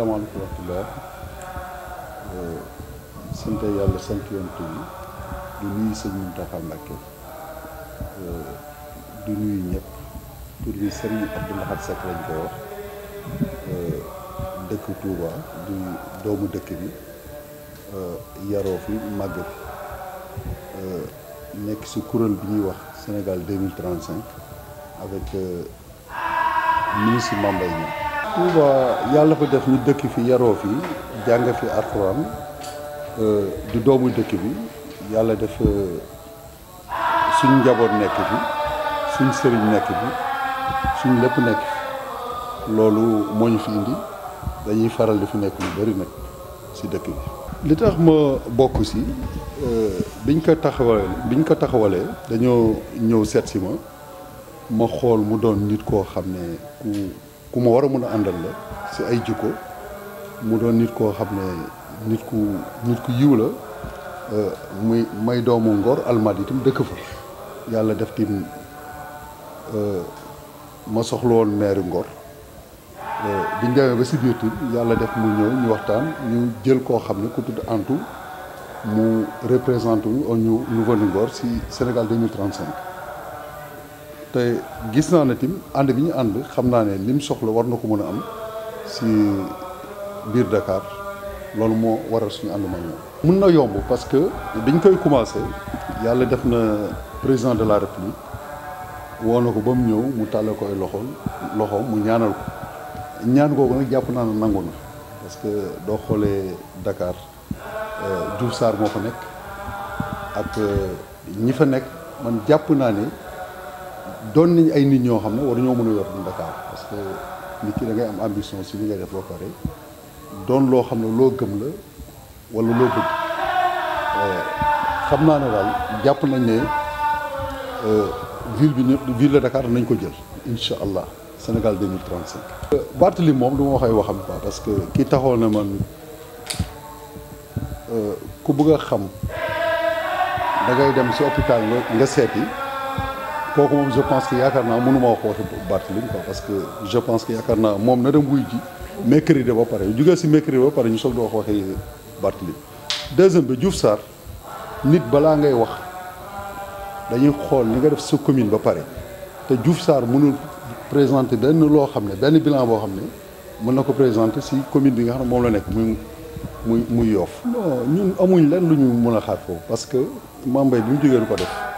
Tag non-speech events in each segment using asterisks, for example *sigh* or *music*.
asalaamaaleykum wa rahmatulah sant yàlla sant yonent bi du nuyu sëñ Mountakha Mbacké du nuyu ñëpp tur bi Serigne Abdou Lahad Seck lañ koy wax dëkk Touba du doomu dëkk bi yaroo fi màgg nekk si kuréel bi ñuy wax Sénégal 2035 avec ministre Mame Mbaye Niang Touba yàlla fa def ñu dëkk fi yaroo fi jàng fi alxuraan euh, di doomu dëkk bi yàlla def euh, suñ njaboot nekk bi suñ sëriñ nekk bi suñ lépp nekk loolu moo ñu fi indi dañuy faral di fi nekk lu bari nag si dëkk bi. li tax ma bokk si euh, biñ ko taxawalee biñ ko taxawalee dañoo ñëw seet si ma ma xool mu doon nit koo xam ne ku. ku ma war a mun a àndal la si ay jikko mu doon nit koo xam ne nit ku nit ku yiw la euh, muy may doomu Ngor Almadi itam dëkk fa yàlla def tim euh, ma soxla woon maire Ngor euh, biñ demee ba si biir yàlla def mu ñëw ñu waxtaan ñu jël koo xam ne ku tudd Antu mu représenté wu au niveau de Ngor si Sénégal 2035 te gis naa ne tim ànd bi ñu ànd xam naa ne lim soxla war na ko mën a am si biir Dakar loolu moo waral suñu ànd moom mën na yomb parce que biñ koy commencé yàlla def na président de la république woo na ko ba mu ñëw mu tàllal ko ay loxoom mu ñaanal ko ñaan googu nag jàpp naa ne nangu na parce que doo xoolee Dakar euh, Diouf Sarr moo fa nekk ak euh, ñi fa nekk man jàpp naa ne. doon nañ ay nit ñoo xam ne waruñoo mën a yor bu Dakar parce que nit ki da ngay am ambition si li ngay def loo pare doon loo xam ne loo gëm la wala loo bëgg eh, xam naa ne daal jàpp nañ ne eh, ville bi ñu ville de Dakar nañ ko jël incha allah Sénégal 2035. Barthélémy moom du wax ay waxam quoi parce que kii taxoon na man eh, ku bëgg a xam dangay ngay dem si hôpital nga seeti. kooku moom je pense que yaakaar naa mënu ma wax waxi Barthélémy quoi parce que je pense que yaakaar naa moom na dem wuy ji mercredi ba pare jugee si mercredi ba pare ñu soog di wax waxi Barthélémy deuxième bi Diouf Sarr nit balaa ngay wax dañuy xool li nga def sa commune ba pare te Diouf Sarr mënul présenter benn loo xam ne benn bilan boo xam ne mën na ko présenter si commune bi nga xam ne moom la nekk muy muy muy Yoff. ñun amuñ lenn lu ñu mën a xaat foofu parce que Mame Mbaye bi mu ko def.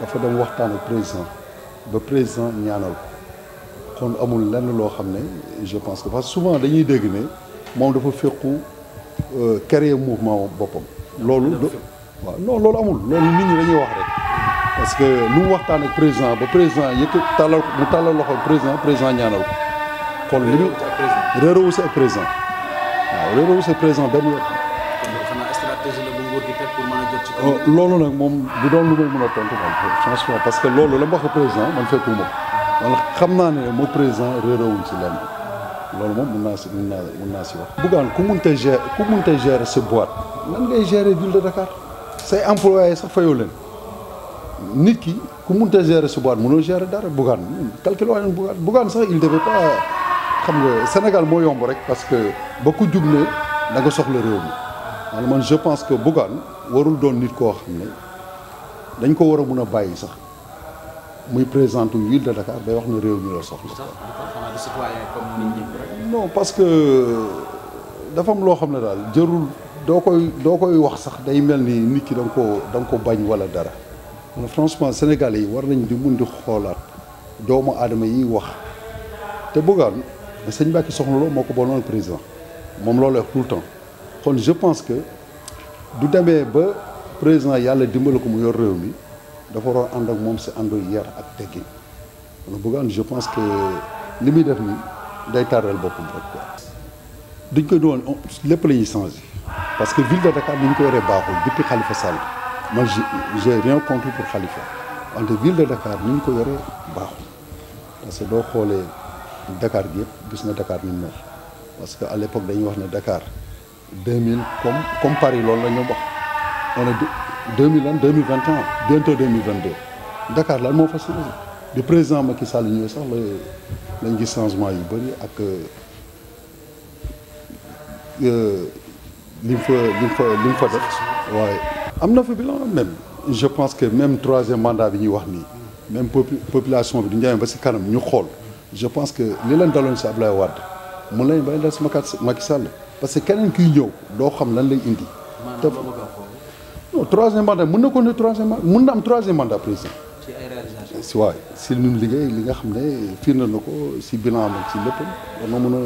dafa dem waxtaan ak président ba président ñaanal kon amul lenn loo xam ne je pense que parce souvent dañuy dégg ne moom dafa fekku euh, créer mouvement boppam loolu waaw non loolu amul loolu nit ñi dañuy wax rek parce que lu mu waxtaan ak président ba président yëkkat tàllal mu tàllal loxo président président ñaanal kon li mu réerowu si président waaw réerowu si président benn Euh, loolu nag moom du doon lu mu mën a tontu moom franchement parce que loolu la mu wax président man fekkuma ko man xam naa ne moo président réerawuñ si lenn loolu moom mun naa si mun naa mun naa si wax. Bougane ku mun tey gérer ku mun tey gérer sa boîte nan ngay gérer ville Dakar say employés sax fayoo leen nit ki ku mun ger gérer sa boîte mënoo gérer dara Bougane calculé waa leen Bougane Bougane sax il devait pas xam nga Sénégal moo yomb rek parce que ba ku jug ne da nga soxla réew mi. man man je pense que Bougane warul doon nit koo xam ne dañ ko war a mun a bàyyi sax muy présenté ville de Dakar day wax ne réew mi la soxla. non parce que dafa loo xam ne daal jërul doo koy doo koy wax sax day mel ni nit ki da nga bañ wala dara. man franchement yi war nañ di mun di doomu aadama yi wax te Bougane sëñ Mbacke soxna loo moo ko bonoon président moom loolu wax temps. kon je pense que du demee ba président yàlla dimbali ko mu yor réew mi dafa waroon ànd ak moom si àndu yar ak teggin kon Bougane je pense que li muy def nii day taaral boppam rek quoi. duñ ko doon lépp la ñuy parce que ville de Dakar ni ñu ko yoree baaxul depuis Khalifa Sall man j'ai rien contre wante ville de Dakar ni ñu ko yoree baaxul parce que doo xoolee Dakar bi yëpp gis na Dakar ni mu parce que à l'époque dañuy wax ne Dakar. 2000 comme comme Paris loolu la ñu wax on est 2000 an 2021 bientôt 2022 Dakar lan moo fa changé du président Macky Sall ñëwee sax lañ gis changement yu bëri ak euh, euh, li mu fa li mu fa fa def waaye. am na fa bilan même je pense que même troisième mandat bi ñuy wax nii même population bi du ñu ba si kanam ñu xool je pense que li leen daloon si Ablaye Wade mun lañ bay des Macky Sall. parce que keneen kiy ñëw doo xam lan lay indi. te non troisième mandat mun na ko ne troisième mandat mën na am troisième mandat président. ci ay réalisations si waay si liggéey li nga xam ne fiir na ko si bilan bi si lépp war na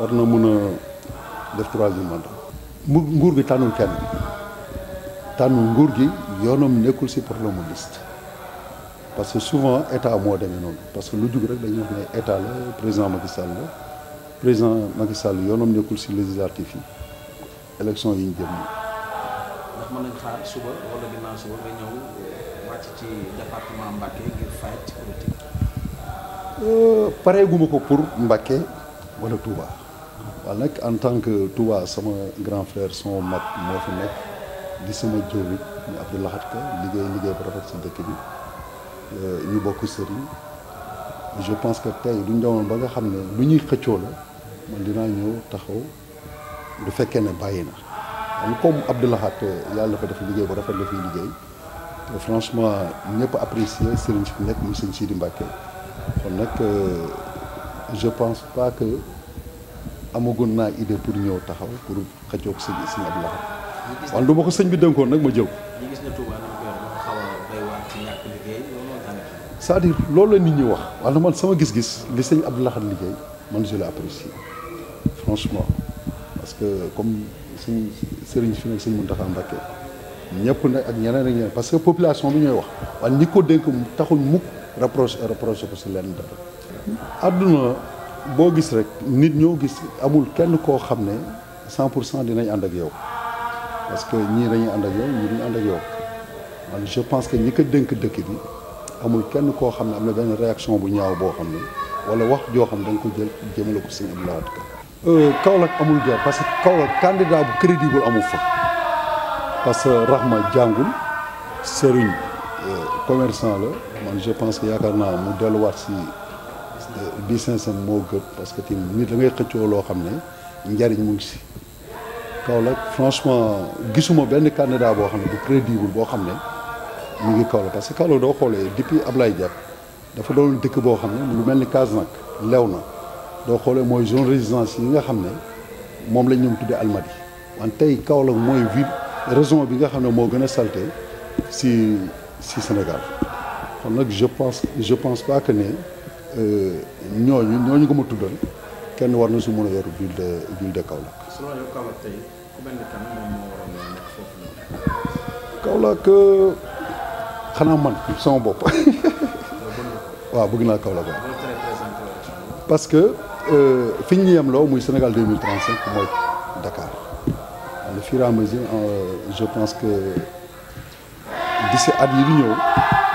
war na mën a def troisième nguur gi tànnul kenn tànnul nguur gi yoonam nekkul si problème mu liste parce que souvent état moo demee noonu parce que lu jug rek dañuy wax ne état la président Macky la. président Macky Sall yoonam nekkul si législatif yi élection yi ñu nii. ndax mën nañ xaar suba wala ginnaaw suba nga ñëw wàcc ci département Mbacké ngir fayat ci politique. Euh, pareeguma ko pour Mbacké wala Touba. wala nag en tant que Touba sama grand frère sama mag moo fi nekk di sama jëwriñ ñu Abdou Lahad Ka liggéey liggéey bu rafet si dëkk bi euh, ñu bokk sëriñ je pense que tey duñ demoon ba nga xam ne lu ñuy xëccoo la. man dinaa ñëw taxaw du fekkee ne bàyyi na am comme Abdoulahat yàlla dafa def liggéey bu rafet la fiy liggéey te franchement ñëpp apprécier sëriñ si fi nekk muy sëriñ Sidi Mbacke kon nag euh, je pense pas que amagoon naa idée pour ñëw taxaw pour xëccoog sëñ sëñ Abdoulahat wan lu ko sëñ bi dénkoon nag ma jëw cest à loolu la nit ñi wax wala man sama gis-gis li sëñ Abdoulahat liggéey man je l'ai franchement parce que comme suñ sëriñ fi nekk sëñ Mountakha Mbacké ñëpp nag ak ñeneen ak ñeneen parce que population bi ñooy wax waaye ñi ko dénk taxul mukk rapproché rapproché ko si lenn dara àdduna boo gis rek nit ñoo gis amul kenn koo xam ne cent pour cent dinañ ànd ak yow parce que ñii dañuy ànd ak yow ñii duñu ànd je pense que ñi ko dénk dëkk bi amul kenn koo xam ne am na benn réaction bu ñaaw boo xam ne wala wax joo xam da nga ko jël jëmale ko sëñ Abdou Lahad Ka Euh, Kaolack amul guerre parce que Kaolack candidat bu crédible amul fa parce que Rahma jàngul Serigne euh, commerçant la moom je pense yaakaar naa mu delluwaat si euh, business am moo gën parce que tamit nit da xëccoo loo xam ne njariñ mu ngi si Kaolack franchement gisuma benn kandidaa boo xam ne bu crédible boo xam ne mu ngi Kaolack parce que Kaolack doo xoolee depuis Ablaye Diack dafa doon dëkk boo xam ne lu mel ni Casamance lew na doo xoolee mooy zone résidence yi nga xam ne moom lañ ñu tuddee Almadi wante tey Kaolack mooy ville résion bi nga xam ne moo gën a salté si si Sénégal kon nag je pense je pense pas que ne euh, ñooñu ñooñu ko ma tuddal kenn war na su mën a yor ville de ville de Kaolack. selon euh, xanaa man sama bopp. *laughs* waaw bëgg naa Kaolack waaw. parce Euh, fi ñu yemloo muy Sénégal 2035 mooy Dakar le fur et euh, je pense que si at yi di ñëw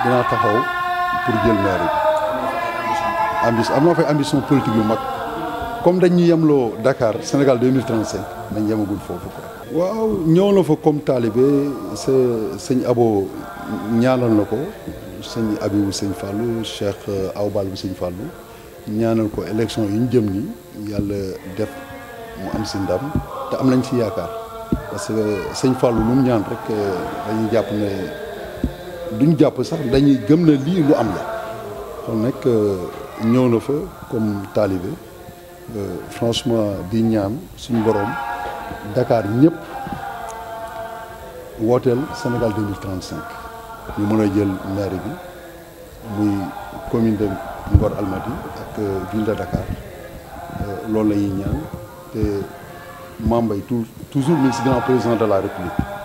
dinaa taxaw pour jël maire bi ambition am naa fay ambition politique yu mag comme dañ ñu yemloo Dakar Sénégal 2035 nañ yemagul foofu ko waaw ñëw na fa comme taalibe sa sëñ Abo ñaanal na ko sëñ Abibu sëñ Fallou Cheikh euh, Awbal bu sëñ Fallou ñaanal ko élection yu ñu jëm ni yàlla def mu am si ndam te am nañ si yaakaar parce que sëñ Fallou lu mu ñaan rek euh, dañuy jàpp ne duñ jàpp sax dañuy gëm na lii lu am la kon nag euh, ñëw na fa comme taalibe euh, franchement di ñaan suñu borom Dakar ñëpp wooteel Sénégal 2035 ñu mën a jël maire bi muy commune Ngor Almadi ak euh, ville de Dakar euh, loolu la ñuy ñaan te Mame Mbaye toujours mu ngi si grand président de la République